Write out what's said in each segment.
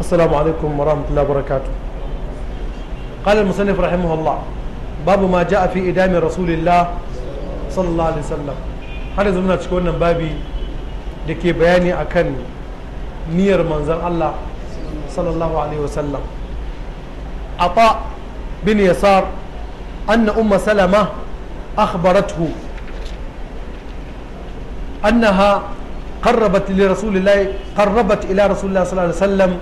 السلام عليكم ورحمة الله وبركاته قال المصنف رحمه الله باب ما جاء في إدام رسول الله صلى الله عليه وسلم هل زمنا تشكونا بابي لكي بياني أكن نير منزل الله صلى الله عليه وسلم alaihi بن يسار أن أم سلمة أخبرته أنها قربت لرسول الله قربت إلى رسول الله صلى الله عليه وسلم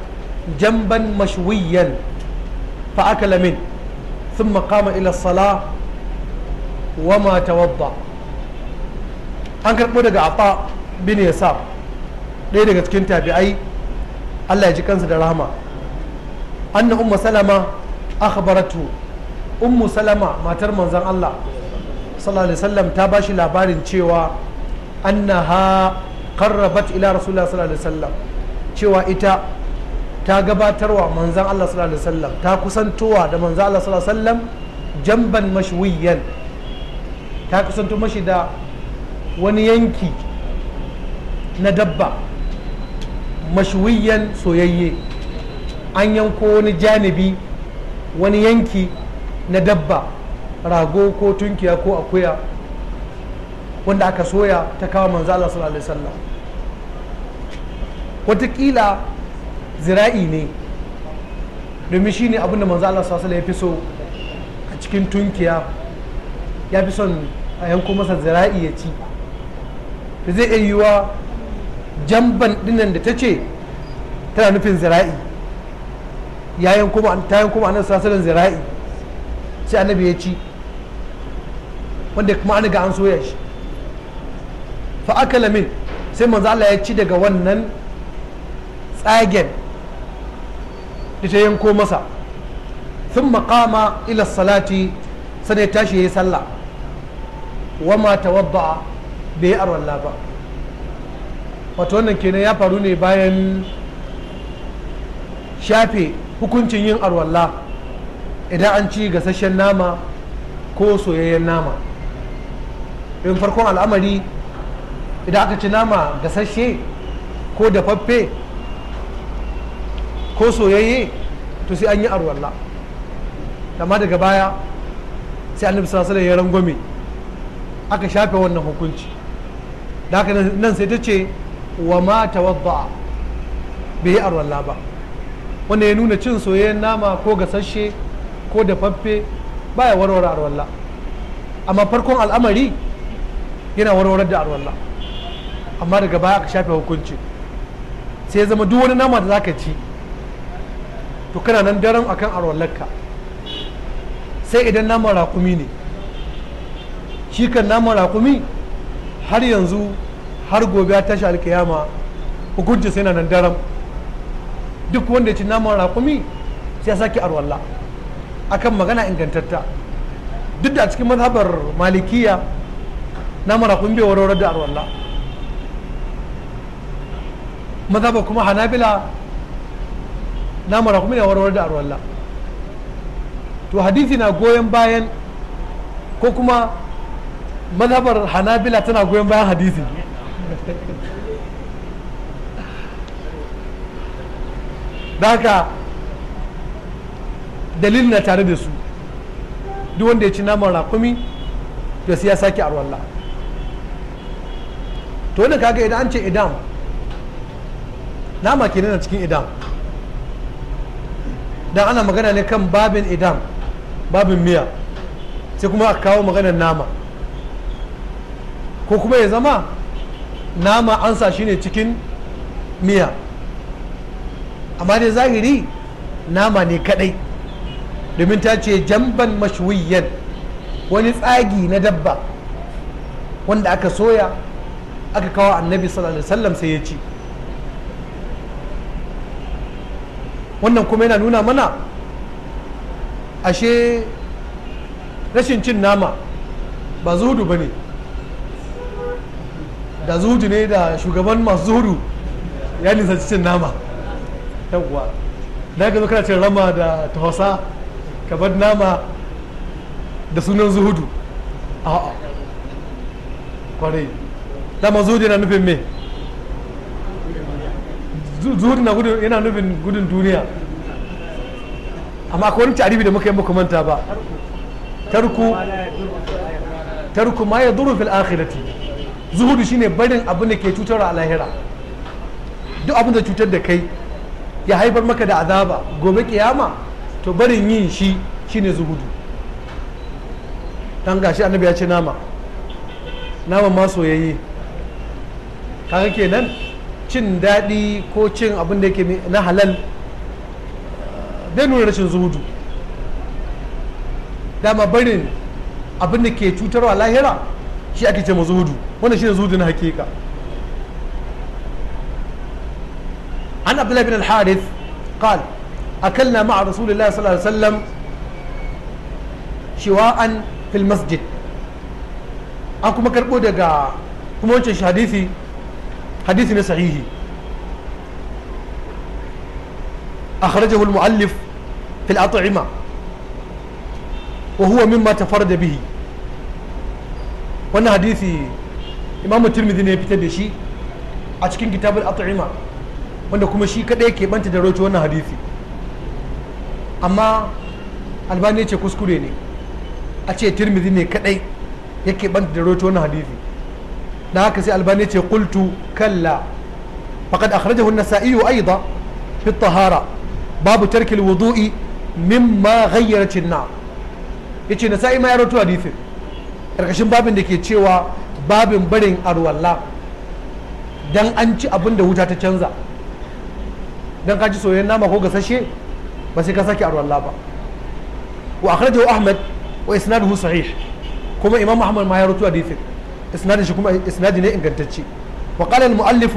جنبا مشويا فأكل منه ثم قام إلى الصلاة وما توضأ أنكر بدك عطاء بن يسار ɗaya daga cikin tabi'ai Allah ya ji kansa da rahama anna ummu salama akhbaratu ummu salama matar manzon Allah ta bashi labarin cewa annaha qarrabat ila rasulullah cewa ita ta gabatarwa manzan Allah sallallahu alaihi wasallam ta kusantowa da manzan Allah sallallahu alaihi wasallam jamban mashwiyan ta kusanto mashi da wani yanki na dabba mashwiyan soyayye an yanko wani janibi wani yanki na dabba rago ko tunkiya ko akuya wanda aka soya ta kawo manzan Allah sallallahu alaihi wasallam wataƙila zira'i ne domin shi ne abinda manzo Allah sallallahu ya fi so a cikin tunkiya ya fi son a yanko masa zira'i ya ci da zai iya yiwa jamban dinnan da ta ce tana nufin zira'i ya yanko ta yanko ma'anar sasalin zira'i sai annabi ya ci wanda kuma an ga an soya shi fa akala min sai manzo Allah ya ci daga wannan tsagen da ta yanko masa sun makama ila salati sanai tashi ya yi sallah wama tawadda bai arwalla ba wato wannan kenan ya faru ne bayan shafe hukuncin yin arwalla idan an ci gasasshen nama ko soyayyen nama in farkon al'amari idan aka ci nama gasasshe ko dafaffe ko soyayye to sai an yi arwalla amma daga baya sai annabi sallallahu ya rangwame aka shafe wannan hukunci da haka nan sai ta ce wa ma tawadda bai yi arwalla ba wanda ya nuna cin soyayyen nama ko gasasshe ko dafaffe baya warware arwalla amma farkon al'amari yana warware da arwalla amma daga baya aka shafe hukunci sai ya zama duk wani nama da zaka ci to kana nan daren akan arwallarka sai idan naman rakumi ne shi kan naman rakumi har yanzu har gobe ta tashi alkiyama hukunci sai na nan daren duk wanda ya ci naman rakumi sai ya sake arwalla akan magana ingantatta duk da cikin mazhabar malikiya naman marakumi bai warware da arwalla mazhabar kuma hanabila naman raƙumi na warware da arwalla to hadisi na goyon bayan ko kuma mazhabar hanabila tana goyon bayan hadisi haka dalil na tare da su duk wanda ya ci naman raƙumi to sai ya sake arwalla to wani kaga idan an ce idam nama kenan a cikin idam dan ana magana ne kan babin idam babin miya sai kuma a kawo maganar nama ko kuma ya zama nama an sa shi ne cikin miya amma dai zahiri nama ne kadai domin ta ce jamban mashwiyan wani tsagi na dabba wanda aka soya aka kawo annabi sallallahu alaihi wasallam sai ya ci wannan kuma yana nuna mana ashe rashin cin nama ba zuhudu ba ne da zuhudu ne da shugaban masu zuhudu ya nisanci cin nama yawwa da ka zo kana cin rama da tausa ka bar nama da sunan zuhudu a'a kwarai dama zuhudu yana nufin me zuhud na gudun yana nufin gudun duniya amma akwai wani tarihi da muka yi muka manta ba tarku tarku ma ya zuru fil akhirati zuhudu shine barin abin da ke cutar a lahira duk abin da cutar da kai ya haifar maka da azaba gobe kiyama to barin yin shi shine zuhudu dan gashi annabi ya ce nama nama ma soyayye kaga kenan cin daɗi ko cin abin da yake na halal bai nuna rashin zuhudu dama barin abin da ke cutarwa lahira shi ake ce zuhudu wanda shi ne zuhudu na hakika an abdullahi bin al-harith qal akalna ma'a rasulillahi sallallahu alaihi wasallam shiwa'an fil masjid an kuma karbo daga kuma wancan hadisi hadisi ne sahihi akhrajahu al-muallif fil at'ima wa huwa mimma wani wannan hadisi imamu tirmidhi ne fitar da shi a cikin kitabul at'ima wanda kuma shi kadai ke banta da roci wannan hadisi amma albani ce kuskure ne a ce tirmidhi ne kadai yake banta da roci wannan hadisi da haka sai albani ce kultu kalla faqad akhrajahu an-nasa'i aidan fi tahara babu tarki al-wudu'i mimma ghayyarat an-na yace nasa'i ma ya rawaito hadisin karkashin babin da ke cewa babin barin arwalla dan an ci abin da wuta ta canza dan ka ci soyayyen nama ko gasashe ba sai ka sake arwalla ba wa akhrajahu ahmad wa isnaduhu sahih kuma imam ahmad ma ya rawaito hadisin isnadin shi kuma isnadi ne ingantacce wa qala al muallif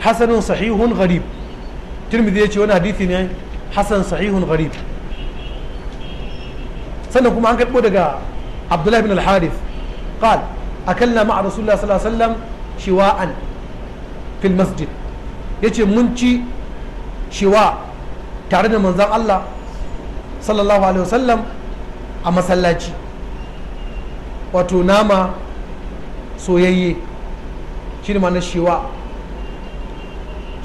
hasanun sahihun gharib tirmidhi yace wani hadisi ne hasan sahihun gharib sannan kuma an karbo daga abdullahi bin al harith qal akalna ma'a rasulullah sallallahu alaihi wasallam shiwa'an fil masjid yace mun ci shiwa tare da manzon Allah sallallahu alaihi wasallam a masallaci wato nama soyayye شنو معنى الشواء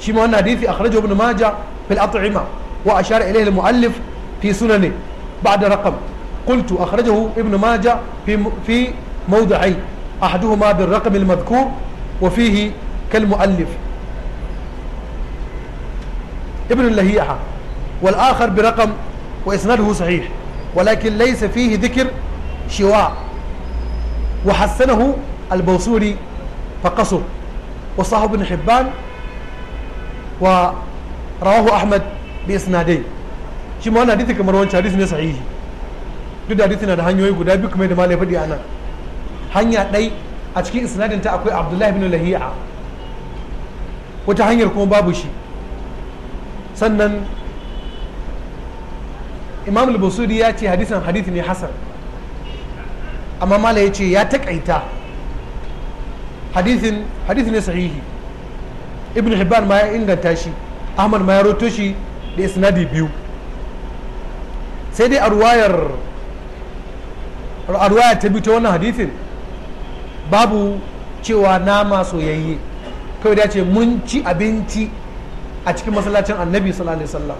shiwa shi ma wannan ابن ماجه ibn majah fil at'ima wa ashara ilayhi al muallif fi sunani ba'da raqam قلت أخرجه ابن ماجه في في موضعين أحدهما بالرقم المذكور وفيه كالمؤلف ابن اللهيعة والآخر برقم وإسناده صحيح ولكن ليس فيه ذكر شواء وحسنه البوصوري فقصر وصحه ابن حبان ورواه أحمد بإسنادين shi ma wannan hadisi kamar wancan ne sahihi duk da hadisi na da hanyoyi guda biyu kamar da malai faɗi a nan hanya ɗai a cikin isnadin ta akwai abdullahi bin lahiya wata hanyar kuma babu shi sannan imam al-basuri ya ce hadisin hadisi ne hasan amma malai ya ce ya taƙaita hadithin hadisi ne sahihi ibn hibban ma ya inganta shi ahmad ma ya roto shi da isnadi biyu sai dai a ruwayar ta bito ta wannan hadithin babu cewa nama soyayye kawai da ce mun ci abinci a cikin masallacin annabi sallallahu alaihi wasallam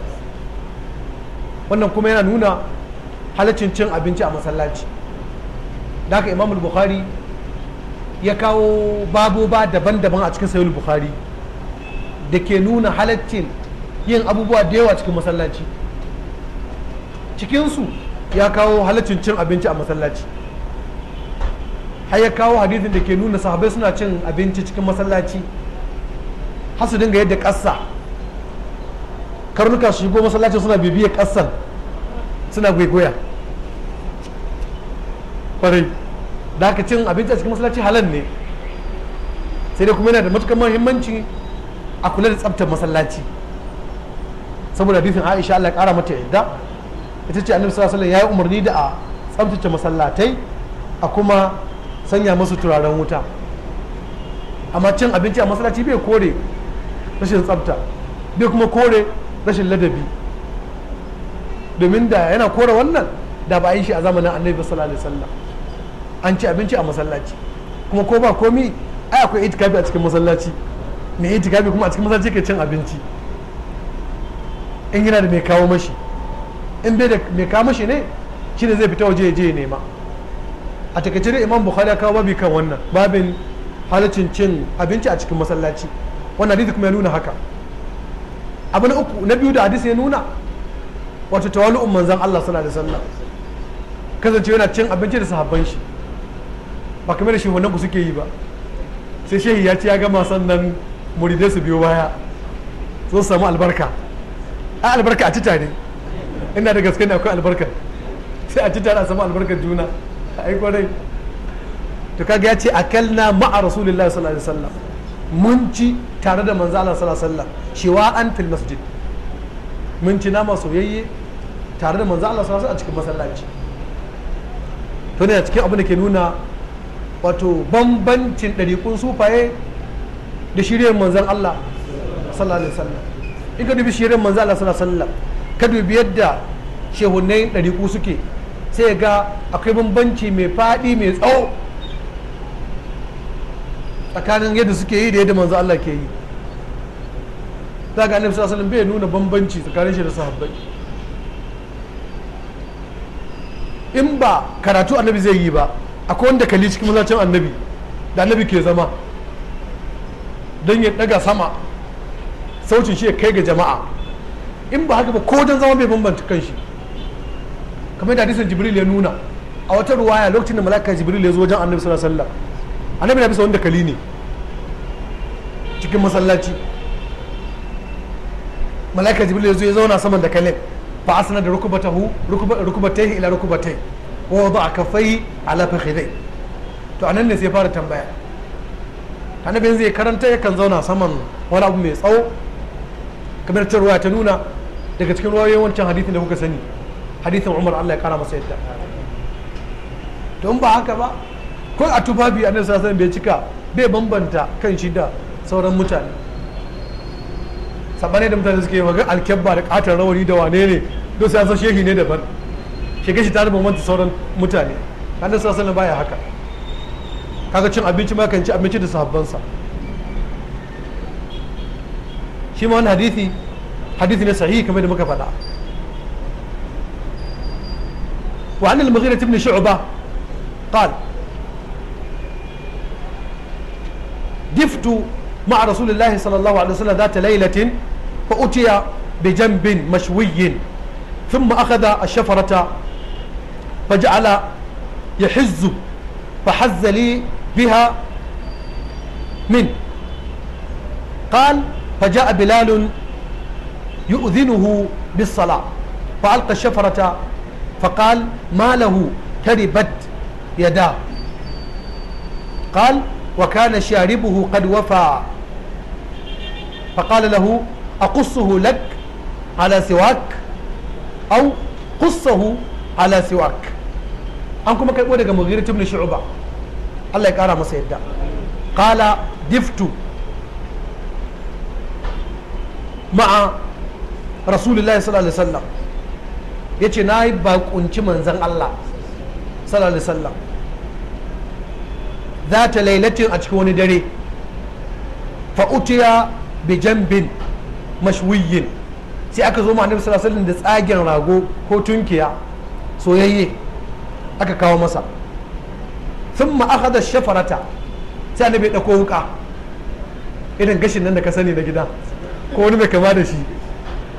wannan kuma yana nuna halaccin cin abinci a masallaci da haka imamul bukhari ya kawo ba daban-daban a cikin sayul bukhari da ke nuna halaccin yin abubuwa da yawa cikin masallaci cikinsu ya kawo halaccin cin abinci a masallaci har ya kawo hadithin da ke nuna sahabai suna cin abinci cikin masallaci har su dinga yadda ƙasa karnuka su shigo masallaci suna bibiya ƙasan suna gwaigwaya kwarai da haka cin abinci a cikin masallaci halal ne sai dai kuma yana da matukar muhimmanci a kula da tsabtar masallaci saboda bifin Aisha Allah ya kara mata yadda ita ce annabi sallallahu alaihi wasallam yi umarni da a tsabtace masallatai a kuma sanya musu turaren wuta amma cin abinci a masallaci bai kore rashin tsabta bai kuma kore rashin ladabi domin da yana kore wannan da ba a yi shi a zamanin annabi sallallahu alaihi wasallam an ci abinci a masallaci kuma ko ba komi ai akwai itikafi a cikin masallaci mai itikafi kuma a cikin masallaci ke cin abinci in yana da mai kawo mashi in bai da mai kawo mashi ne shi ne zai fita waje ya je ya nema a takaice dai imam bukhari ya kawo babi kan wannan babin halaccin cin abinci a cikin masallaci wannan hadisi kuma ya nuna haka abu na uku na biyu da hadisi ya nuna wato tawalu'un manzan Allah sallallahu alaihi wasallam kasance yana cin abinci da sahabban shi ba kamar da shehunan ku suke yi ba sai shehi ya ce ya gama sannan muridai su biyo baya sun samu albarka a albarka a ci tare ina da gaske ne akwai albarka sai a ci tare a samu albarkar juna a aiko dai to kaga ya ce akalna ma'a rasulillah sallallahu alaihi wasallam mun ci tare da manzo Allah sallallahu alaihi wasallam shiwa an fil masjid mun ci nama soyayye tare da manzo Allah sallallahu alaihi wasallam a cikin masallaci to ne a cikin abin da ke nuna wato bambancin ɗariƙun sufaye da shirin manzan Allah sallallahu alaihi wasallam in ka dubi shirin manzan Allah sallallahu alaihi wasallam ka dubi yadda shehunai ɗariƙu suke sai ga akwai bambanci mai faɗi mai tsawo tsakanin yadda suke yi da yadda manzan Allah ke yi za ga annabi sallallahu alaihi wasallam bai nuna bambanci tsakanin shi da sahabbai in ba karatu annabi zai yi ba akwai wanda kalli cikin masallacin annabi da annabi ke zama don ya daga sama saucin shi ya kai ga jama'a in ba haka ba ko don zama bai bambanta kanshi kamar da hadisin jibril ya nuna a wata ruwaya lokacin da malaka jibril ya zo wajen annabi sallallahu alaihi wasallam annabi na bisa wanda kali ne cikin masallaci malaka jibril ya zo ya zauna saman da kalin fa asana da rukubatahu rukubatahi ila rukubatai wa a kafai ala fakhidai to anan ne sai fara tambaya annabin zai karanta yakan zauna saman wani abu mai tsawo kamar ta ruwa ta nuna daga cikin ruwayoyin wancan hadithin da kuka sani hadithin umar allah ya kara masa yadda to in ba haka ba ko a tufafi nan sa alaihi bai cika bai bambanta kan shi da sauran mutane sabane da mutane suke maga alkebba da katon rawani da wane ne don sai san shehi ne daban shiga shi tare bambanta sauran mutane annabi sallallahu sallan baya haka kaga cin abinci ma kan ci abinci da sahabban sa shi ma wannan hadisi hadisi ne sahihi kamar da muka faɗa وعن المغيرة بن شعبة قال دفت مع رسول الله صلى الله عليه وسلم ذات ليلة فأتي بجنب مشوي ثم أخذ الشفرة فجعل يحز فحز لي بها من قال فجاء بلال يؤذنه بالصلاة فألقى الشفرة فقال ما له تربت يداه قال وكان شاربه قد وفى فقال له أقصه لك على سواك أو قصه على سواك an kuma kai daga mughira ibn shu'ba Allah ya kara masa yadda qala diftu ma'a rasulullahi sallallahu alaihi wasallam yace na yi bakunci manzon Allah sallallahu alaihi wasallam zata lailatin a cikin wani dare fa utiya bi jambin mashwiyin sai aka zo mu annabi sallallahu alaihi wasallam da tsagen rago ko tunkiya soyayye aka kawo masa sun ma'akada shafarata sai annabi ya ɗauko wuka irin gashin nan da ka sani na gida ko wani mai kama da shi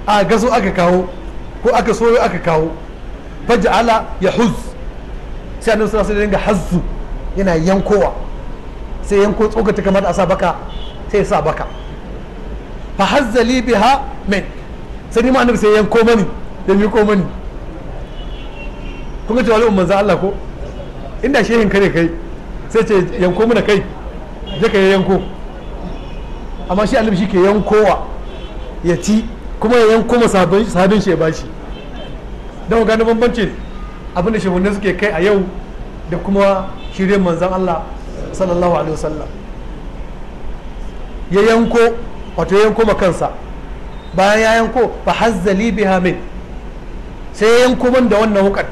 a gaso aka kawo ko aka soyo aka kawo ala ya huz sai annabi sallallahu sai wasallam hazzu yana yankowa sai yanko tsokata kamar a sa baka sai sa baka fa hazzali biha min sai ni ma annabi sai yanko mani da ko mani kun ga tawali'un manzan Allah ko inda shehin ka ne kai sai ce yanko mana kai je ka yanko amma shi annabi shi ke yankowa ya ci kuma ya yanko ma sabin shi ya bashi don gane bambancin abinda shehunne suke kai a yau da kuma shirin manzan Allah sallallahu alaihi wasallam ya yanko wato ya yanko ma kansa bayan ya yanko ba hazzali biha min sai ya yanko man da wannan hukar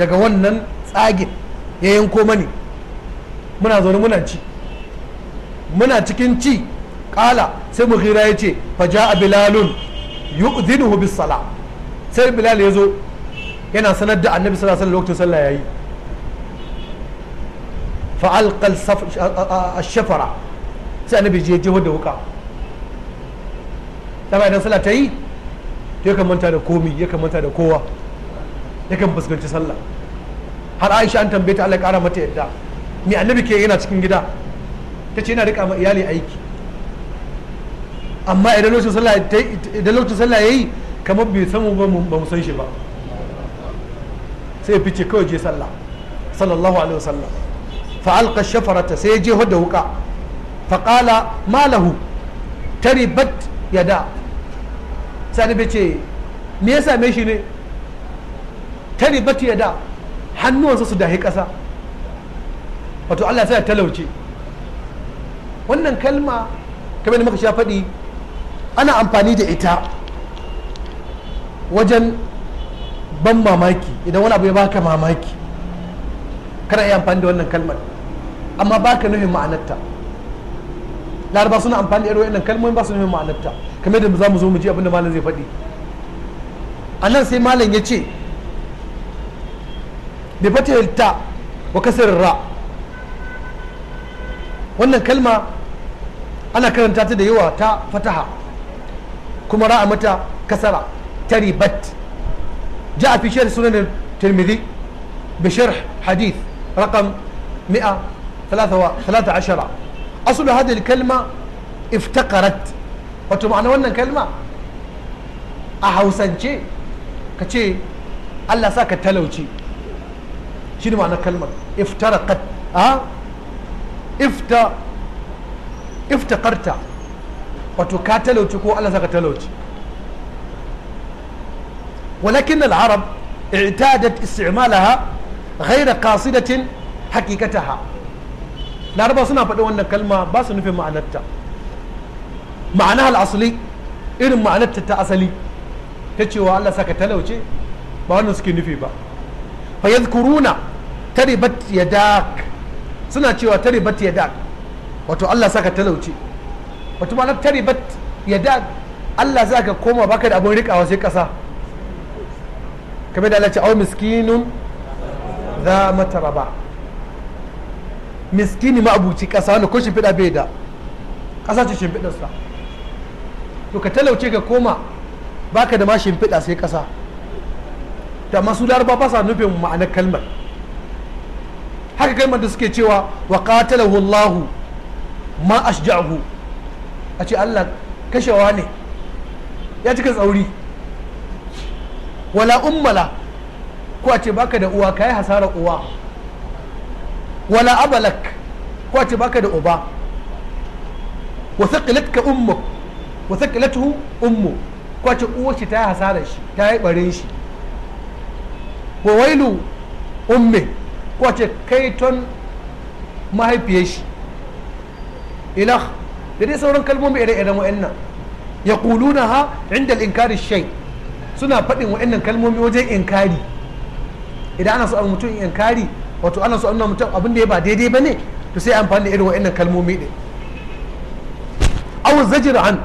daga wannan tsagin ya yanko mani muna zaune muna ci muna cikin ci kala sai mu hira ya ce faja a bilalun yu'zinuhu bis sala sai bilal ya zo yana sanar da annabi sallallahu alaihi lokacin sallah yayi fa alqa shafara sai annabi je jeho da wuka dama idan sallah ta yi ya kamanta da komi ya kamanta da kowa yakan fuskanci sallah har aisha an tambaye ta Allah kara mata yadda me annabi ke yana cikin gida ta ce yana rika ma iyali aiki amma idan lokacin sallah idan lokacin sallah yayi kamar bai samu ba ba mu san shi ba sai ya fice kawai je sallah sallallahu alaihi wasallam fa alqa shafarata sai je da wuka fa qala ma lahu taribat yada sai annabi ce me ya same shi ne ta ribata ya da hannuwansa su dahi ƙasa wato Allah sai talauce wannan kalma kamar da muka sha faɗi ana amfani da ita wajen ban mamaki idan wani abu ya baka mamaki kana iya amfani da wannan kalmar amma baka nufin ma'anarta laraba suna amfani da irin kalmomi kalmomin ba su nufin ma'anarta kamar da za mu zo mu ji abin da malam zai faɗi a nan sai malam ya ce بفتح التاء وكسر الراء wannan kalma ana karanta ta da yawa ta fataha kuma ra'a mata kasara taribat ja'a fi sharh sunan tirmidhi bi sharh hadith raqam 113 aslu hadhihi al-kalma iftaqarat wato ma'ana wannan kalma a hausance ka ce Allah sa ka talauci shi ne ma'anar kalmar iftaraqat a ifta iftakarta wato ka talauci ko Allah saka talauci walakin al-arab i'tadat istimalaha ghayra qasidatin haqiqataha laraba suna faɗi wannan kalma ba su nufin ma'anarta ma'ana al-asli irin ma'anarta ta asali ta cewa Allah saka talauce ba wannan suke nufi ba fa yadhkuruna taribat yadak suna cewa taribat yadak wato Allah saka talauci wato ma taribat yadak Allah za ka koma baka da abin rikawa sai kasa kame da Allah ce au miskinun za mataraba miskini ma'abuci kasa wanda ko shimfiɗa bai da kasa ce shimfiɗarsa to ka talauce ka koma baka da ma shimfiɗa sai kasa da masu laraba ba sa nufin ma'anar kalmar haka kai da suke cewa wa qatalahu Allah ma ashja'ahu a ce Allah kashewa ne ya cika tsauri wala ummala ko a ce baka da uwa kai hasara uwa wala abalak ko a ce baka da uba wa thaqilatka ummu wa thaqilatuhu ummu ko a ce uwar shi ta hasara shi ta yi bare shi wa wailu ummi wace kaiton mahaifiyar shi ilah da dai sauran kalmomi ire-iren wa'annan ya na ha inda inkari shai suna faɗin wa'annan kalmomi wajen inkari idan ana so a mutum inkari wato ana so a mutum abin da ya ba daidai ba ne to sai amfani da irin wa'annan kalmomi ɗin awu zajir an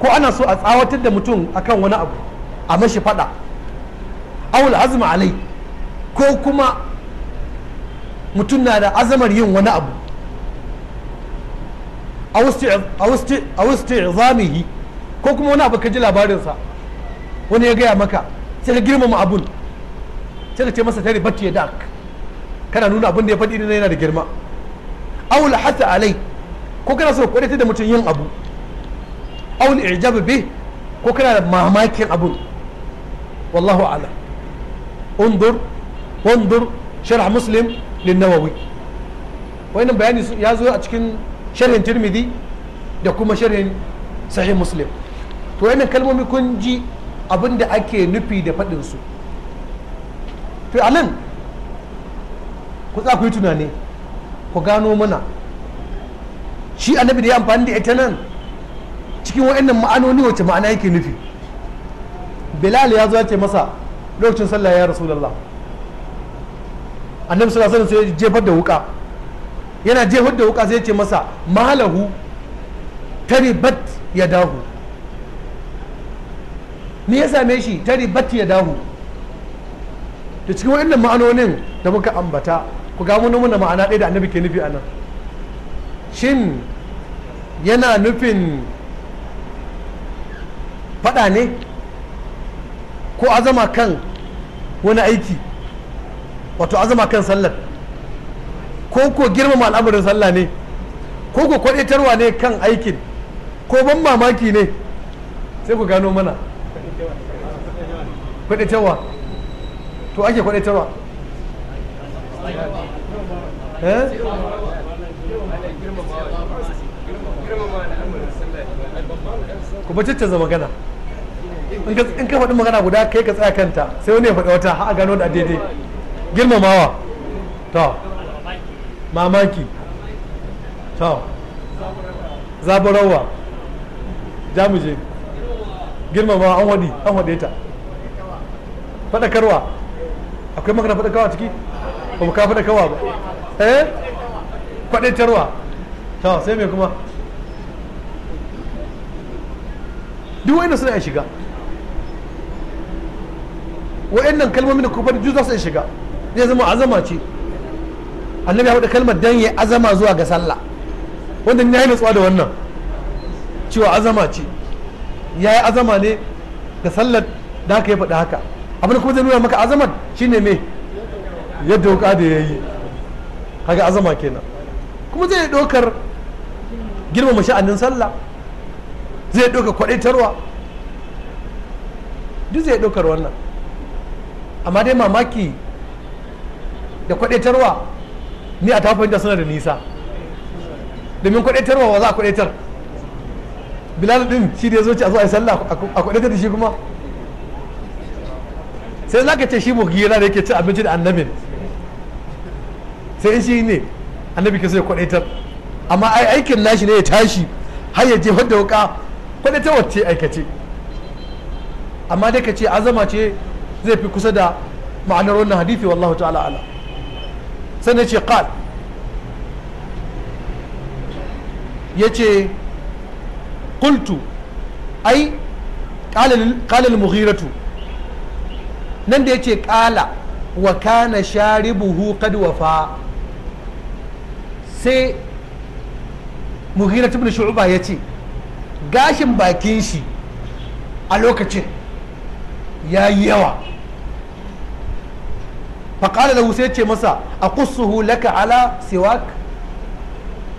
ko ana so a tsawatar da mutum akan wani abu a mashi faɗa awul azma alai ko kuma mutum na da azamar yin wani abu a wasu zamihi ko kuma wani abu ka ji labarinsa wani ya gaya maka sai ka girmama abun sai ka ce masa tare batti ya dak kana nuna abin da ya faɗi na yana da girma awul hasa alai ko kana so kwadatar da mutum yin abu awul ijabu bi ko kana da mamakin abun wallahu ala undur undur sharh muslim lin nawawi wannan bayani ya zo a cikin sharhin tirmidhi da kuma sharhin sahih muslim to wannan kalmomi kun ji abin ake nufi da faɗin su to a nan ku za ku yi tunani ku gano mana shi annabi da ya amfani da ita nan cikin wa'annan ma'anoni wace ma'ana yake nufi bilal ya zo ya ce masa lokacin sallah ya rasulullah annabi sallallahu alaihi wasallam sai jefar da wuka yana jefar da wuka sai ce masa tari taribat ya dahu me ya same shi taribat ya dahu da cikin waɗannan ma'anonin da muka ambata ku ga mun nuna ma'ana ɗaya da annabi ke nufi anan shin yana nufin faɗa ne ko azama kan wani aiki wato azama kan sallar ko ko girmama al'amarin sallah ne ko ko kwadetarwa ne kan aikin ko ban mamaki ne sai ku gano mana kwadetarwa to ake kwadetarwa eh? ku bacicce caccanza magana in ka faɗi magana guda kai ka tsaya kanta sai wani ya faɗi wata a gano da daidai girmamawa ta mamaki ta zaburawa jamuje girmamawa an wadi an waɗe ta faɗakarwa akwai makana faɗakarwa ciki ba ka faɗakarwa ba eh faɗakarwa ta sai me kuma duk wani suna ya shiga wa'annan kalmomin da kuma duk za su shiga zai zama azama ce annabi ya faɗi kalmar dan ya azama zuwa ga sallah wanda ya yi nutsuwa da wannan cewa azama ce ya yi azama ne ga sallar da aka yi faɗi haka abin kuma zai nuna maka azamar shine me yadda wuka da ya yi kaga azama kenan kuma zai ɗaukar girmama sha'anin sallah zai ɗauka kwaɗaitarwa duk zai ɗaukar wannan amma dai mamaki da kwadaitarwa ni a tafi da suna da nisa domin kwadaitarwa ba za a kwadaitar bilal din shi da ya zo ci a zo a yi sallah a kwadaitar da shi kuma sai za ka ce shi mugira da yake ci abinci da annabin sai shi ne annabi ka sai ya kwadaitar amma ai aikin nashi ne ya tashi har ya jefar da wuka ta wacce aikace amma dai ka ce azama ce zai fi kusa da ma'anar wannan hadithi wallahu ta'ala ala sai na ce qal yace kultu ai qala muhiratu nan da yace ƙala wa kana sharibuhu qad wafa sai mughiratu ibn shu'ba yace gashin bakin shi a lokacin ya yi yawa فقال له ce masa a kusuhu laka ala siwak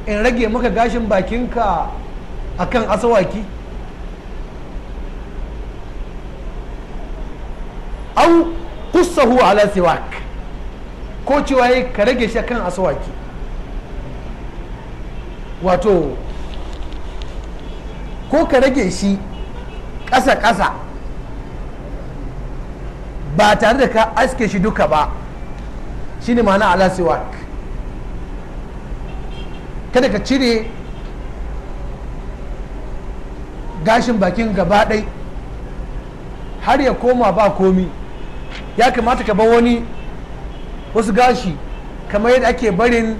in rage maka gashin bakinka akan asawaki au kusahu ala siwak ko cewa ka rage shi asawaki wato ko ka rage shi ƙasa-ƙasa ba tare da ka aske shi duka ba shine ma'ana ala siwak kada ka cire gashin bakin gaba ɗai har ya koma ba komi ya kamata ka bar wani wasu gashi kamar yadda ake barin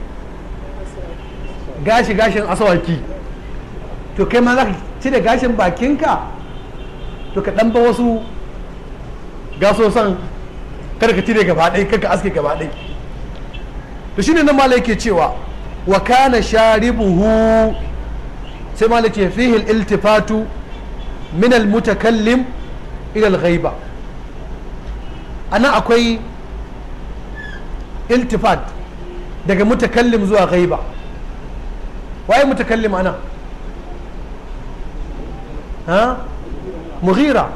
gashi gashin asawaki to kai ma za ka cire gashin bakinka to ka ɗan ba wasu gasosan kada ka cire gaba ɗai kada ka aske gaba ɗai to shine nan malai yake cewa wa kana sharibuhu sai malai ke fihi iltifatu min almutakallim ila alghaiba anan akwai iltifat daga mutakallim zuwa ghaiba waye mutakallim ana ha mughira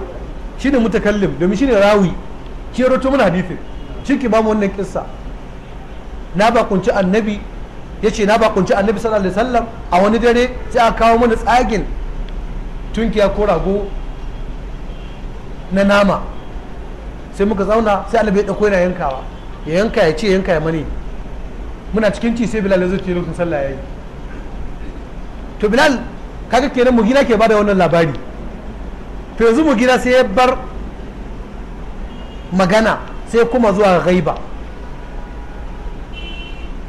shine mutakallim domin shine rawi shi ya roto mana hadisi shi ke ba mu wannan kissa na bakunci annabi ya ce na bakunci annabi sallallahu alaihi wasallam a wani dare sai aka kawo mana tsagin tunkiya ko rago na nama sai muka zauna sai annabi ya dauko yana yankawa ya yanka ya ce yanka ya mani muna cikin ci sai bilal ya zo ce lokacin sallah yayi to bilal kaga kenan mugina ke bada wannan labari to yanzu mugina sai ya bar magana sai kuma zuwa gaiba.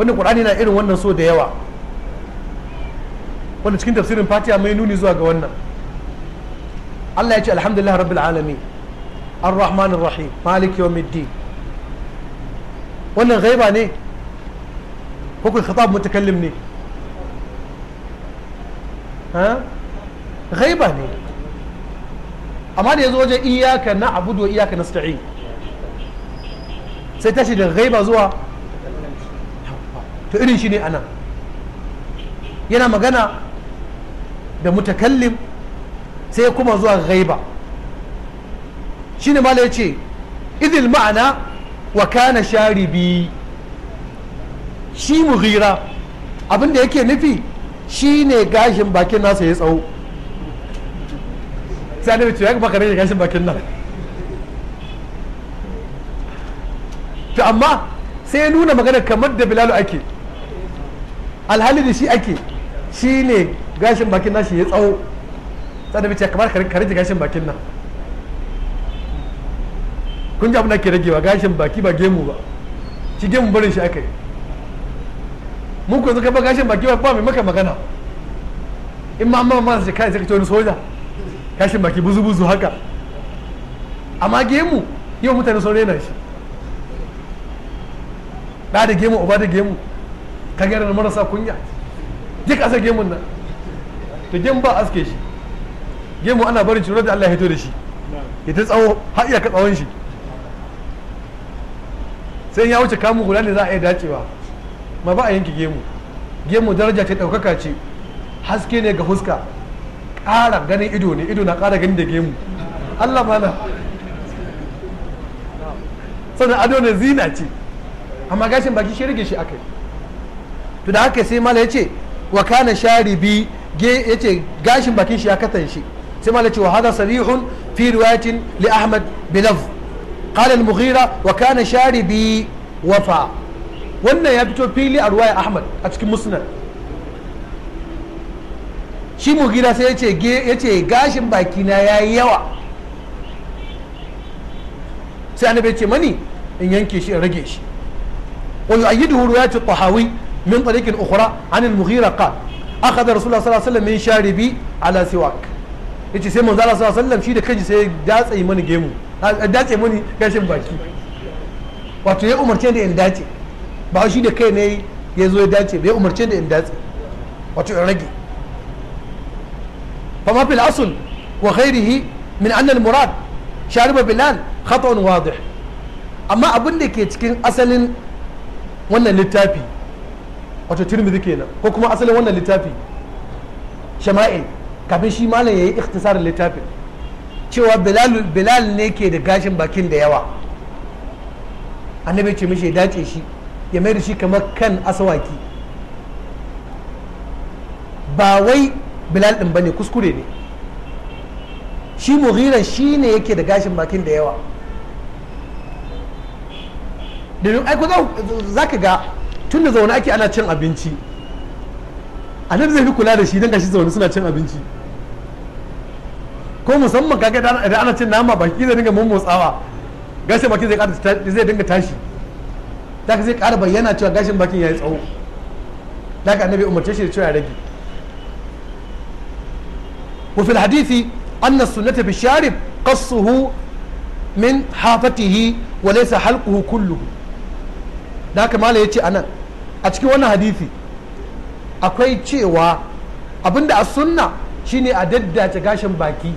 wanda qur'ani na irin wannan so da yawa wanda cikin tafsirin fatiha mai nuni zuwa ga wannan Allah ya ce alhamdulillah rabbil alamin ar-rahman ar-rahim malik yawmiddin wannan ghaiba ne ko kun khitab mutakallim ne ha ghaiba ne amma da yazo wajen iyyaka na'budu wa iyyaka nasta'in sai tashi da ghaiba zuwa to irin shi ne anan yana magana da mutakallim sai kuma zuwa ghaiba Shin mala ce, idil ma'ana wa kana sharibi shi mughira abin da yake nufi shine gashin bakin nasa ya tsawo sai annabi ce ya baka rage gashin bakin nan to amma sai ya nuna magana kamar da bilalu ake alhali da shi ake shi ne gashin bakin nashi ya tsawo sai da bice kamar ka rage gashin bakin nan kun ji abin da ke ragewa gashin baki ba gemu ba shi gemu barin shi aka yi mu yanzu ka ba gashin baki ba ba mai maka magana in ma amma ma zai kai zai ka wani soja gashin baki buzu buzu haka amma gemu yau mutane sun rena shi ba da gemu uba da gemu ka gyara da marasa kunya duk asa gemun nan to gem ba aske shi gemu ana barin shi da Allah ya hito da shi ya ta tsawo har iya ka tsawon shi sai ya wuce kamun guda ne za a yi dacewa ma ba a yanki gemu gemu daraja ce ɗaukaka ce haske ne ga fuska ƙara ganin ido ne ido na ƙara gani da gemu Allah mana sannan ado ne zina ce amma gashin baki shi rage shi aka yi to da haka sai mala yace wa kana sharibi ya ce gashin bakin shi ya katan shi sai mala yace wa hada sarihun fi riwayatin li ahmad bilaf qala al mughira wa kana sharibi wafa wannan ya fito fili a ruwaya ahmad a cikin musnad shi mughira sai ya ce gashin bakina ya yi yawa sai annabi ya ce mani in yanke shi in rage shi wani ayyidu ruwa ya ce tahawi min tariqin ukhra an al-mughira qal akhadha rasulullah sallallahu alaihi wasallam min sharibi ala siwak yace sai manzo Allah sallallahu alaihi wasallam da kanshi mani gemu datse mani gashin baki wato ya umarce da in dace ba shi da kai ne ya zo ya dace bai da wato rage فما في الأصل وغيره من أن المراد شارب بلال خطأ واضح أما أبن يتكين أصل وانا للتابي wato tirmidhi kenan ko kuma asalin wannan littafi shama'il kafin shi malam yayi ikhtisarin littafin cewa bilal ne ke da gashin bakin da yawa annabi ce mishi ya dace shi ya mai da shi kamar kan asawaki ba wai bilal din bane kuskure ne shi mughira shi ne yake da gashin bakin da yawa domin aiko za ka ga tun da zaune ake ana cin abinci annabi zai fi kula da shi don gashi zaune suna cin abinci ko musamman kaga idan ana cin nama ba ki zai dinga mummotsawa gashin baki zai dinga tashi ta zai ƙara bayyana cewa gashin bakin ya yi tsawo da ka annabi umarce shi da cewa ya rage wa fil hadisi anna sunnata bi sharib qassuhu min hafatihi wa laysa halquhu kulluhu da haka mala yace anan a cikin wannan hadisi akwai cewa abinda a sunna shine a daddace gashin baki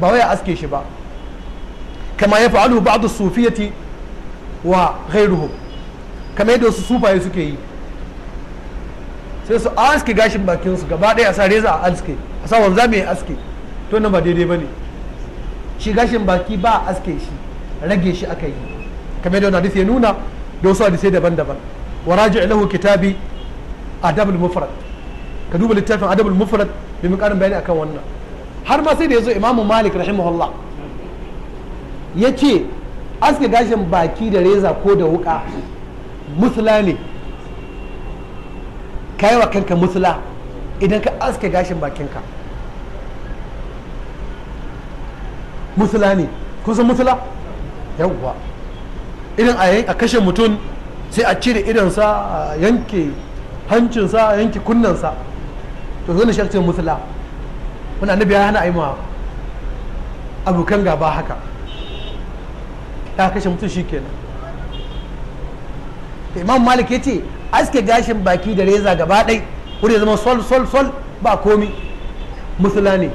ba wai a aske shi ba kama ya fa'alu ba'du sufiyati wa ghayruhu kama yadda wasu sufaye suke yi sai su aske gashin bakinsu gaba ɗaya a sa reza a aske a sa wanza mai aske to nan ba daidai ba ne shi gashin baki ba a aske shi rage shi aka yi kama yadda wani hadisi ya nuna da wasu hadisai daban-daban wa raji lahu kitabi adabul mufrad ka duba littafin adabul mufrad bi karin bayani akan wannan har ma sai da zo imamu malik rahimahullah yace aske gashin baki da reza ko da wuka musula ne kai wa kanka musula idan ka aske gashin bakinka musula musula idan a kashe mutum sai a cire idansa a yanke hancinsa a yanke kunnansa to zai ne shi cikin musula wani annabi ya hana aima abokan gaba haka ya kashe mutum shi kenan to imam malik ya ce aske gashin baki da reza gaba ɗai wuri zama sol sol sol ba komi musula ne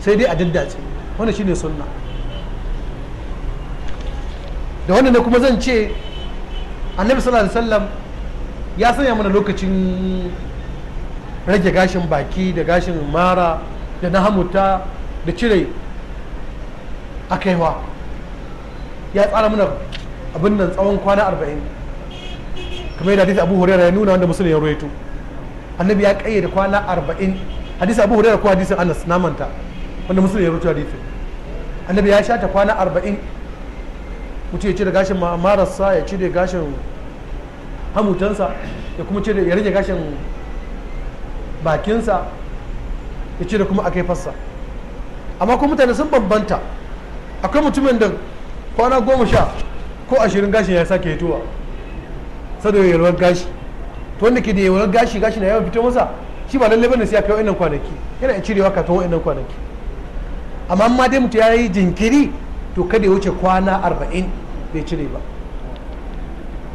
sai dai a daddace shi ne sunna da wannan ne kuma zan ce annabi sallallahu alaihi wasallam ya sanya mana lokacin rage gashin baki da gashin mara da na hamuta da cire a kaiwa ya tsara mana abin nan tsawon kwana arba'in kamar yadda hadisi abu hurera ya nuna wanda musulun ya ruwaito annabi ya kayyade kwana arba'in hadisi abu hurera ko hadisin anas na manta wanda musulun ya ruwaito hadisi annabi ya shata kwana arba'in mutum ya cire gashin marasa ya cire gashin hamutansa ya kuma cire ya rage gashin bakinsa ya cire kuma akai fassa amma kuma mutane sun bambanta akwai mutumin da kwana goma sha ko ashirin gashin ya sake hitowa saboda yalwar gashi to wanda ke da yalwar gashi gashi na yawan fito masa shi ba lallai bane sai ya kai wa'annan kwanaki yana cirewa kafin wa'annan kwanaki amma amma dai mutum ya yi jinkiri to kada ya wuce kwana arba'in bai cire ba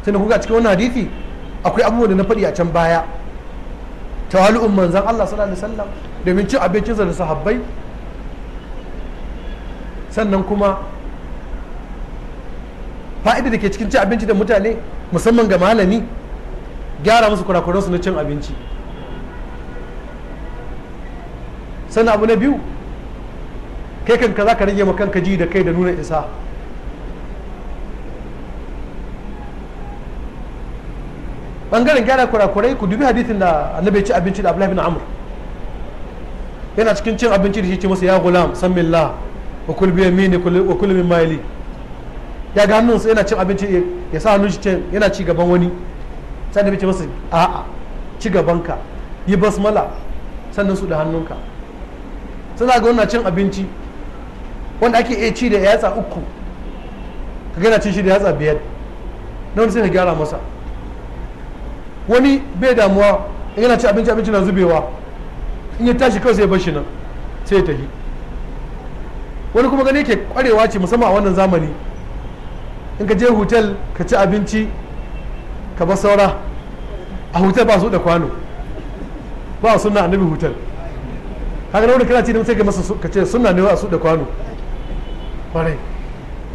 tunda kuka cikin wani hadithi akwai abubuwan da na faɗi a can baya tawali'un manzan Allah sallallahu alaihi wasallam domin cin abincinsa da sahabbai sannan kuma fa'ida da ke cikin cin abinci da mutane musamman ga malami gyara musu kurakuransu na cin abinci sannan abu na biyu kai kanka za ka rage ma kanka ji da kai da nuna isa bangaren gyara kurakurai ku dubi hadithin da annabi ci abinci da abdullahi bin Amur yana cikin cin abinci da shi ce masa ya gulam san wa kul bi yamini wa kul min mayli ya ga hannunsa yana cin abinci ya sa hannun shi ce yana ci gaban wani sai annabi ce masa a ci ka yi basmala sannan su da hannunka sai za ga wannan cin abinci wanda ake iya ci da yatsa uku ka gana cin shi da yatsa biyar na wani sai ka gyara masa wani bai damuwa in yana ci abinci abinci na zubewa in ya tashi kawai sai bashi nan sai ya tafi wani kuma gani ke kwarewa ce musamman a wannan zamani in ka je hotel ka ci abinci ka ba saura a hotel ba su da kwano ba a a annabi hotel haka na wani kana ci da sai ka ce suna ne a su da kwano kwarai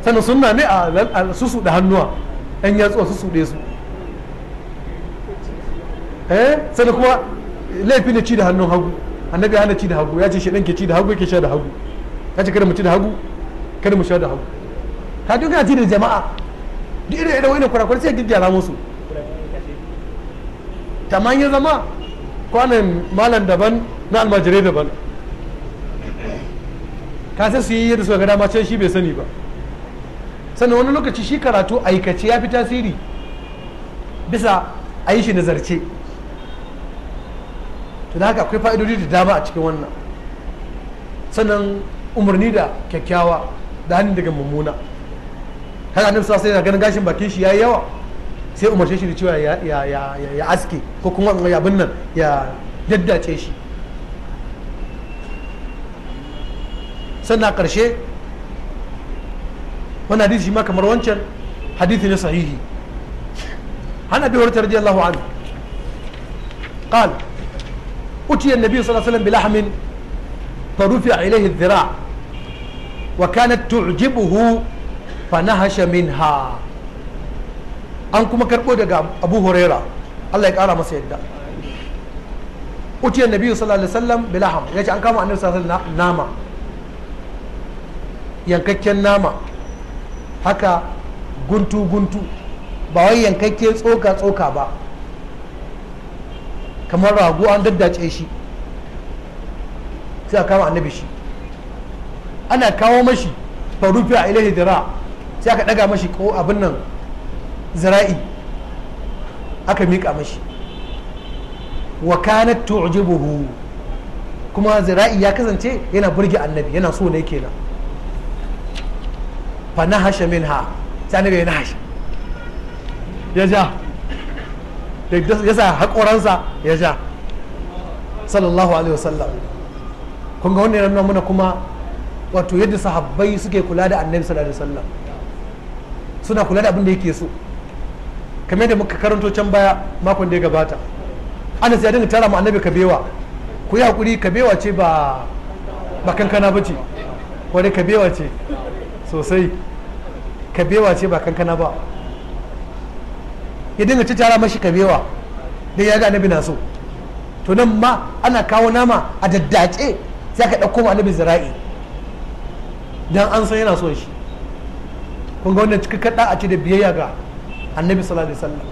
sannan suna ne a su da hannuwa yan yatsuwa su suɗe su eh sannan kuma laifi ne ci da hannun hagu annabi hana ci da hagu ya ce shi ke ci da hagu yake sha da hagu ya ce kada mu ci da hagu kada mu sha da hagu ka duka ci da jama'a duk irin irin wani kwarakwar sai gyara musu tamman ya zama kwanan malam daban na almajirai daban ka sai su yi yadda suka ga dama can shi bai sani ba sannan wani lokaci shi karatu aikace ya fi tasiri bisa a yi shi nazarce to da haka akwai fa'idodi da dama a cikin wannan sannan umarni da kyakkyawa da hannun daga mummuna kan annabi sa sai ganin gashin bakin shi yayi yawa sai umarce shi da cewa ya aske ko kuma abin nan ya daddace shi sannan a ƙarshe wani hadisi shi kamar wancan hadisi na sahihi hana bi wata radiyar Allah wa'ani ƙal utiyar nabi sallallahu alaihi wasallam bilahamin farufi a ilaihi zira wa kana tu'jibuhu fa nahasha minha an kuma karɓo daga abu huraira Allah ya ƙara masa yadda utiyar nabi sallallahu alaihi wasallam bilaham ya ce an kama annabi sallallahu alaihi wasallam nama yankakken nama haka guntu-guntu ba wai yankakke tsoka-tsoka ba kamar rago an daddace shi sai a kama annabi shi ana kawo mashi farufi a ilahi dira sai aka daga mashi ko abin nan zira'i aka miƙa mashi wa kanat tu'jibuhu kuma zira'i ya kasance yana burge annabi yana so ne kenan fa min ha? sai annabi ya nahasha ya ja ya sa haƙoransa ya ja sallallahu alaihi wasallam kun ga wannan nuna muna kuma wato yadda sahabbai suke kula da annabi sallallahu alaihi wasallam suna kula da abin da yake so kamar yadda muka karanto can baya makon da ya gabata ana ya dinga tara mu annabi kabewa ku yi hakuri kabewa ce ba ba kankana ba ce wani kabewa ce sosai kabewa ce ba kankana ba ya dinga tara mashi kabewa da ya ga annabi na so to nan ma ana kawo nama a daddace sai ka ɗauko ma annabi zira'i dan an san yana son shi kun ga wannan cikakken da'a ce da biyayya ga annabi sallallahu alaihi wasallam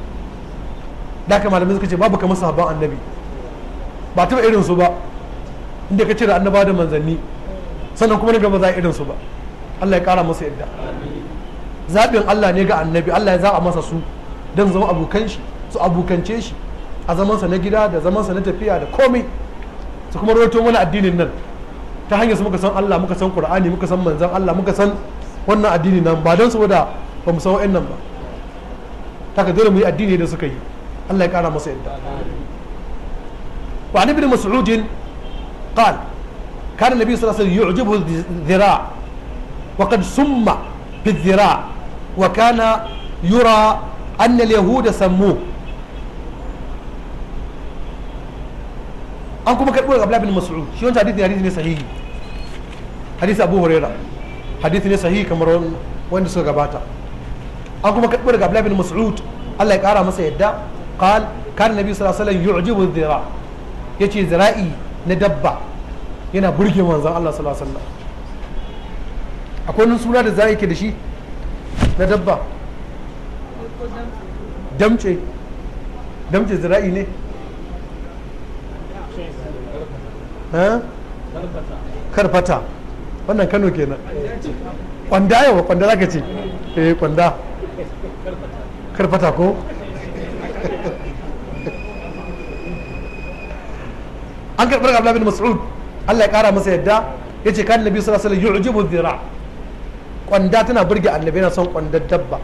da ka malamai suka ce babu kamar sahabban annabi ba taɓa irin su ba inda ka da annaba da manzanni sannan kuma daga ba za irin su ba Allah ya kara musu yadda zabin Allah ne ga annabi Allah ya zaba masa su dan zama abokan shi su abokance shi a zaman sa na gida da zaman sa na tafiya da komai su kuma roto mana addinin nan ta hanyar su muka san Allah muka san Qur'ani muka san manzon Allah muka san wannan addini nan ba dan saboda ba mu san wa'annan ba taka dole mu yi addini da suka yi Allah ya kara masa yadda wa ibn mas'ud قال كان النبي صلى الله عليه وسلم يعجبه الذراع وقد سم بالذراع wa kana yura anna yahuda sammu an kuma karɓo daga Abdullah bin Mas'ud shi wancan hadisi ne sahihi hadisi Abu Huraira hadisi ne sahihi kamar wanda suka gabata an kuma karɓo daga Abdullah bin Mas'ud Allah ya kara masa yadda qal kan nabi sallallahu alaihi wasallam yu'jibu dhira yace zira'i na dabba yana burge manzon Allah sallallahu akwai suna da zira'i ke da shi na dabba damce damce zira'i ne karfata wannan kano kenan kwanda yawa kwanda ka ce eh kwanda karfata ko an karɓar abu labin mas'ud Allah ya kara masa yadda ya ce kan nabi sallallahu alaihi wasallam yu'jibu dhira' kwanda tana burge annabi na son kwandar dabba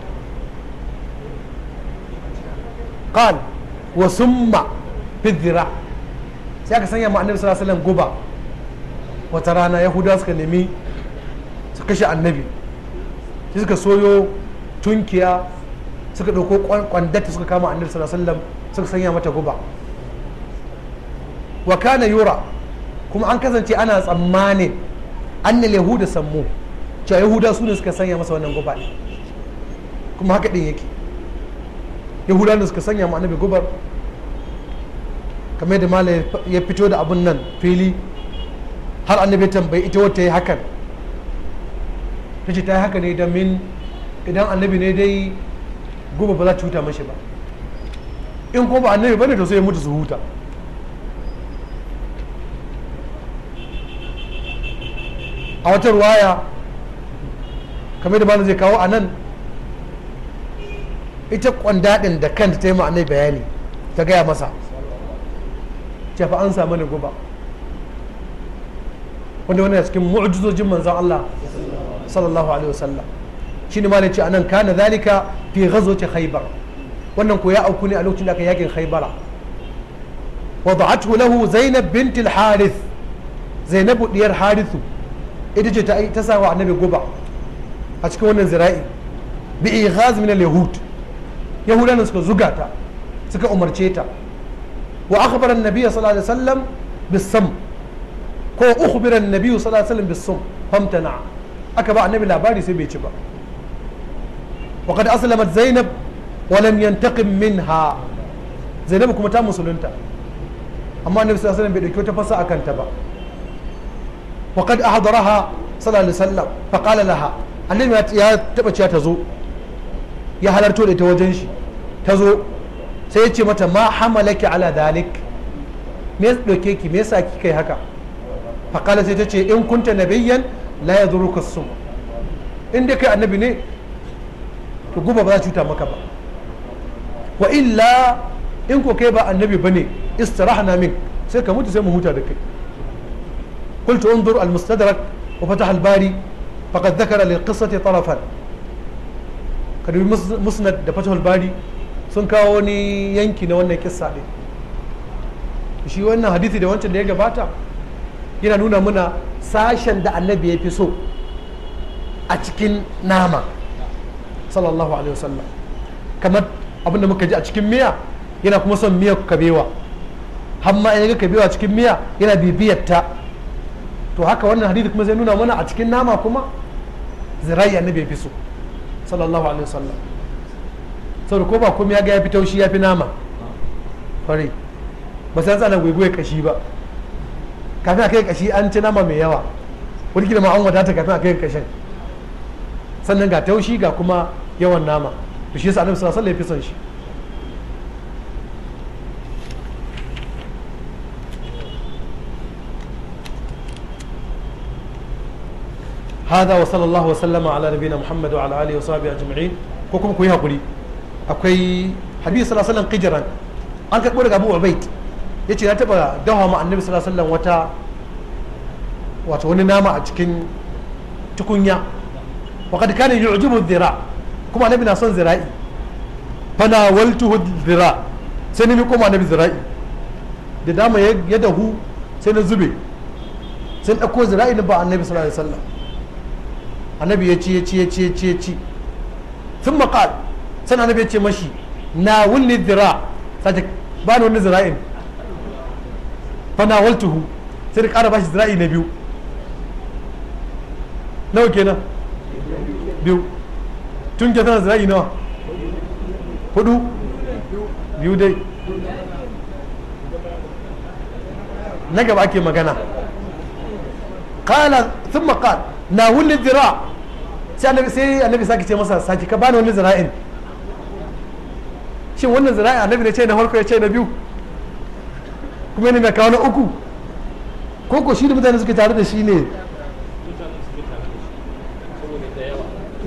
qal wa summa fidira sai aka sanya ma annabi sallallahu alaihi guba wata rana yahudawa suka nemi su kashe annabi sai suka soyo tunkiya suka ɗauko kwandata suka kama annabi sallallahu alaihi suka sanya mata guba wa kana yura kuma an kasance ana tsammanin annal yahuda sammu cewa yahuda su ne suka sanya masa wannan guba ne kuma haka din yake yahuda ne suka sanya ma annabi gubar kamar da malam ya fito da abun nan fili har annabi tambayi ita wata yi hakan ta ce ta yi haka ne da min idan annabi ne dai guba ba za ta huta mashi ba in kuma ba annabi ne to sai ya mutu su huta a wata ruwaya kamar da malam zai kawo a nan ita kwandadin da kanta ta yi ma'anai bayani ta gaya masa cewa an samu ne guba wanda wani a cikin mu'jizojin manzan Allah sallallahu alaihi wasallam shi ne malaci a nan kana zalika fi ghazwati khaybar wannan ko ya auku ne a lokacin da aka yakin khaybara wada'athu lahu zainab bint al harith Zainabu diyar harithu ita ce ta sa wa annabi guba a cikin wannan zira'i bi ihaz min al-yahud Yahudan suka zuga ta suka umarce ta wa akhbara an-nabiy sallallahu alaihi wasallam bis-sam ko ukhbira an-nabiy sallallahu alaihi wasallam bis-sam famtana aka ba annabi labari sai bai ci ba wa qad aslamat zainab wa lam yantaqim minha zainab kuma ta musulunta amma annabi sallallahu alaihi wasallam bai dauki ta fasa akan ta ba wa qad ahdaraha sallallahu alaihi wasallam fa qala laha annabi ya taba cewa ta zo ya halarto da ita wajen shi ta zo sai ya ce mata ma hamalaki ala dalik me ya ɗauke ki me yasa ki kai haka faƙala sai ta ce in kunta nabiyyan la ya zuru sum in dai kai annabi ne to guba ba za cuta maka ba wa illa in ko kai ba annabi ba ne istirahna min sai ka mutu sai mu huta da kai قلت انظر المستدرك وفتح الباري faqad dhakara lil qissati tarafan kadubi musnad da fatahul bari sun kawo wani yanki na wannan kissa din shi wannan hadisi da wancan da ya gabata yana nuna muna sashen da annabi ya fi so a cikin nama sallallahu alaihi wasallam kamar abinda muka ji a cikin miya yana kuma son miyar kabewa hamma ya ga kabewa cikin miya yana bibiyar ta to haka wannan hadisi kuma zai nuna mana a cikin nama kuma zirayya ne bai fi so sallallahu alaihi wasallam saboda ko ba kuma ya ga ya fi taushi ya fi nama kwarai ba san tsana gwaigwaye kashi ba kafin a kai kashi an ci nama mai yawa wani ma an wadata kafin a kai kashin sannan ga taushi ga kuma yawan nama to shi yasa annabi sallallahu alaihi wasallam ya fi son shi hada wa sallallahu wa sallama ala nabiyina muhammad wa ala alihi wa sahbihi ko kuma ku yi hakuri akwai habibu sallallahu alaihi wasallam qijiran an karɓo daga abu ubaid yace ya taba dawa ma annabi sallallahu alaihi wasallam wata wani nama a cikin tukunya wa kad kana yu'jibu dhira kuma annabi na son zira'i fana zira'i da dama ya dahu sai na zube sai ɗauko zira'i na ba annabi sallallahu alaihi wasallam annabi ya ci ya ci ya ci ya ci ya ci sun maƙal sai annabi ya ce mashi na wulli zira sace ba ni wani zira'in fa na waltuhu sai da ƙara bashi zira'i na biyu nawa kenan biyu tun ke sana zira'i nawa hudu biyu dai na gaba ake magana قال ثم قال ناولني الذراع sai annabi sai annabi sake ce masa sake ka bani wani zira'in shin wannan zira'in annabi ne ce na farko ya ce na biyu kuma ne mai kawo na uku ko ko shi da mutane suke tare da shi ne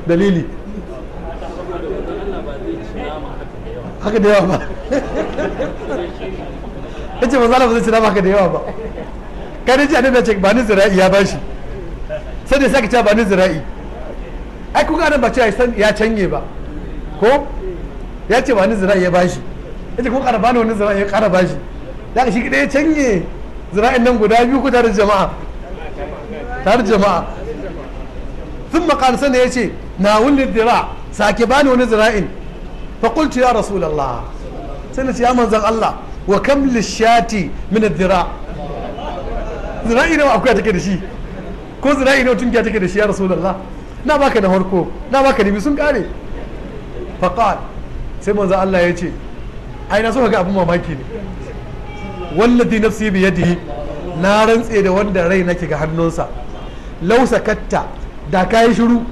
dalili haka da yawa ba ya ce mazala ba zai cina haka da yawa ba kai da ce annabi ya ce ba ni zira'i ya bashi sai da sake ce ba ni zira'i ai kun ga ba ce ya canje ba ko ya ce ni zira ya bashi ya ce kuma ƙara bani wani zira ya kara bashi da shi kiɗa ya canye zira'in nan guda biyu ku tare jama'a tare jama'a sun makarsa ne ya ce na wuli dira sake bani wani zira'in fakultu ya rasulallah sai na ce ya manzan allah wa kam lishati min dira zira'i nawa akwai take da shi ko zira'i nawa tunkiya take da shi ya rasu rasulallah na baka na farko na baka da sun kare faqal sai manzo Allah ya ce ai na so ka ga abin mamaki ne wallazi nafsi bi yadihi na rantse da wanda rai nake ga hannunsa law sakatta da kai shiru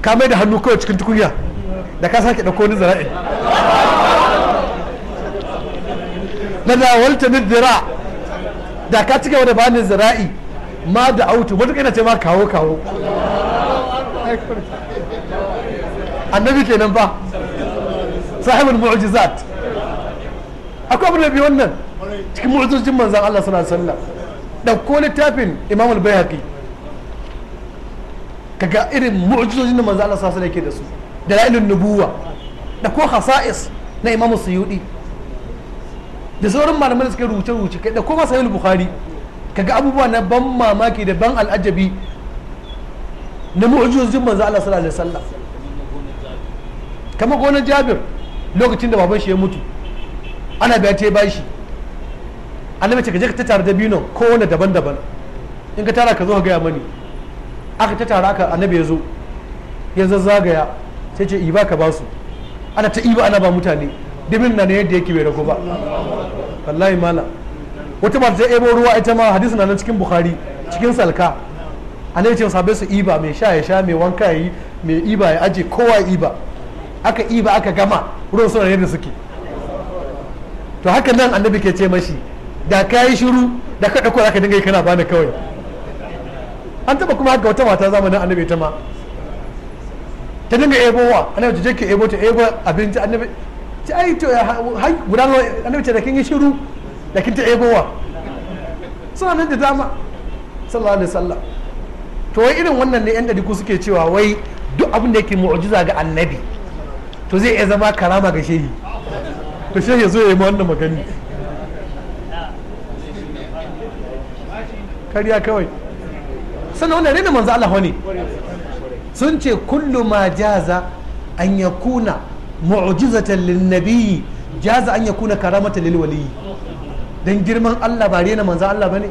ka mai da hannu kawai cikin tukunya da ka sake dauko ni zara'i na da walta ni dira da ka cika wani bani zara'i ma da autu mutum ina ce ma kawo kawo akbar annabi kenan ba sahibul mu'jizat akwai abin da bi wannan cikin mu'jizojin manzan Allah suna sallah ɗauko littafin imam al-bayhaqi kaga irin mu'jizojin da manzan Allah suna sallah yake da su da dalailun nubuwa da ko khasa'is na imam suyudi da sauran malamai da suka rubuce rubuce kai da ko masahil bukhari kaga abubuwa na ban mamaki da ban al'ajabi na mu'jizin manzo Allah sallallahu alaihi wasallam kamar gonar Jabir lokacin da baban shi ya mutu ana biya ta bashi annabi ce ka je ka tattara dabino kowane daban-daban in ka tara ka zo ka gaya mani aka tattara aka annabi ya zo ya zazzagaya sai ce iba ka basu ana ta iba ana ba mutane dabino na ne yadda yake bai rago ba wallahi mala wata mata ta ebo ruwa ita ma hadisi na nan cikin bukhari cikin salka annabi ce sabai su iba mai sha ya sha mai wanka yi mai iba ya aje kowa iba aka iba aka gama ruwan suna yadda suke to haka nan annabi ke ce mashi da ka yi shiru da ka ɗauko aka dinga yi kana bani kawai an taɓa kuma haka wata mata zamanin annabi ta ma ta dinga ebowa annabi je ke ebo ta ebo abinci annabi ta ai to har guda annabi ce da kin yi shiru da kin ta ebowa suna nan da dama sallallahu alaihi wasallam to wai irin wannan ne yan ɗariku suke cewa wai duk abin da yake mu'ujiza ga annabi to zai iya zama karama ga shehi to shehi zo ya yi wannan magani kariya kawai sannan wannan rena manzo Allah ne sun ce kullu ma jaza an yakuna mu'jizatan lin jaza an yakuna karamatan lil waliyi dan girman Allah ba rena manzo Allah bane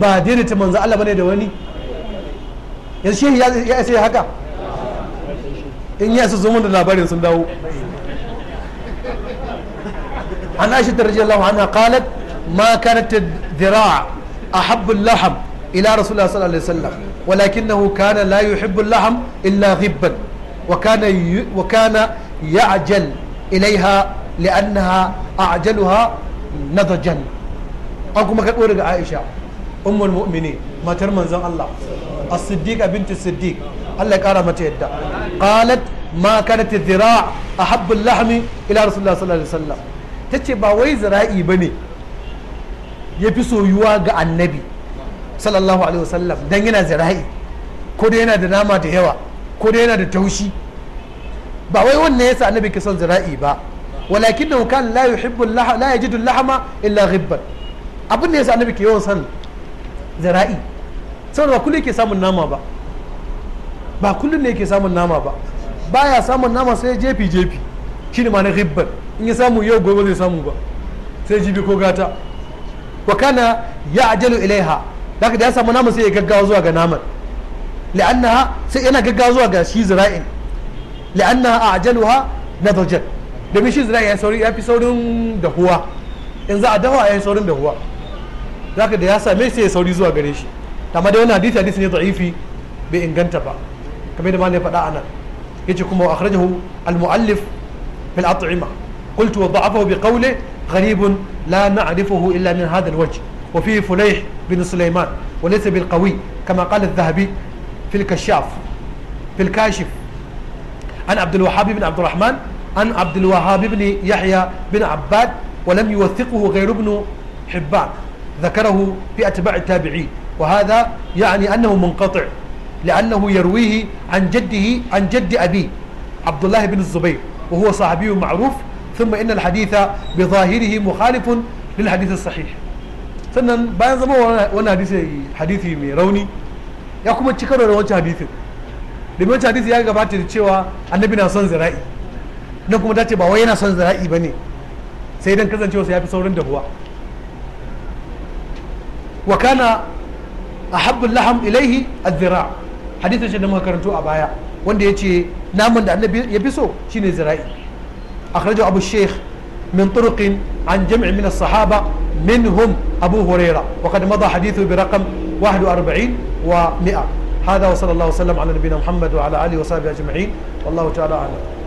ba ta manzo Allah bane da wani yanzu shehi ya isa haka in ya isa da labarin sun dawo an aisha ta rajiyallahu anha qalat ma dira a ahabbu laham ila rasulullah sallallahu alaihi wasallam na kana la yuhibbu laham illa ghibban wa kana wa kana ilaiha li'annaha a'jaluha dajan an kuma ka daga aisha umar mu'minin matar manzon Allah as-siddiqa bintu siddiq Allah ya kara mata yadda qalat ma kanat dhira' ahabbu al-lahmi ila rasulullah sallallahu alaihi wasallam tace ba wai zira'i bane yafi soyuwa ga annabi sallallahu alaihi wasallam dan yana zira'i ko dai yana da nama da yawa ko dai yana da taushi ba wai wannan yasa annabi ke son zira'i ba ولكنه كان لا يحب اللحم لا يجد abin da yasa annabi ke yawan son zira'i saboda ba kullum yake samun nama ba ba kullum ne yake samun nama ba baya samun nama sai jefi jefi shi ne ma'anar ribban in ya samu yau gobe zai samu ba sai jibi ko gata wa kana ya ajalu ilaiha daga da ya samu nama sai ya gaggawa zuwa ga naman li'annaha sai yana gaggawa zuwa ga shi zira'in ha ajaluha nadajan domin shi zira'in ya sauri ya fi saurin dahuwa in za a dawa ya yi saurin dahuwa daga da ya same sai ya sauri zuwa gare shi amma dai wannan hadisi hadisi ne da'ifi bai inganta ba kamar da ma ne faɗa anan yace kuma wa akhrajahu al-mu'allif fil at'ima قلت وضعفه بقوله غريب لا نعرفه إلا من هذا الوجه وفيه فليح بن سليمان وليس بالقوي كما قال الذهبي في الكشاف في الكاشف عن عبد الوهاب بن عبد الرحمن عن عبد الوهاب بن يحيى بن عباد ولم يوثقه غير ابن حبان ذكره في أتباع التابعين وهذا يعني أنه منقطع لأنه يرويه عن جده عن جد أبيه عبد الله بن الزبير وهو صحابي معروف ثم إن الحديث بظاهره مخالف للحديث الصحيح sannan bayan zama wani hadisi hadisi mai rauni ya kuma ci karo da wancan hadisin domin wancan hadisi ya gabata da cewa annabi na son zira'i na kuma ta ce ba wai yana son zira'i ba ne sai dan kasancewa ya fi saurin dahuwa wa kana أحب اللحم إليه الذراع حديث الشيخ لما كرنتو أبايا وندي يتي نامن دعنا يبسو شين الزرائي أخرجه أبو الشيخ من طرق عن جمع من الصحابة منهم أبو هريرة وقد مضى حديثه برقم 41 و100 هذا وصلى الله وسلم على نبينا محمد وعلى آله وصحبه أجمعين والله تعالى أعلم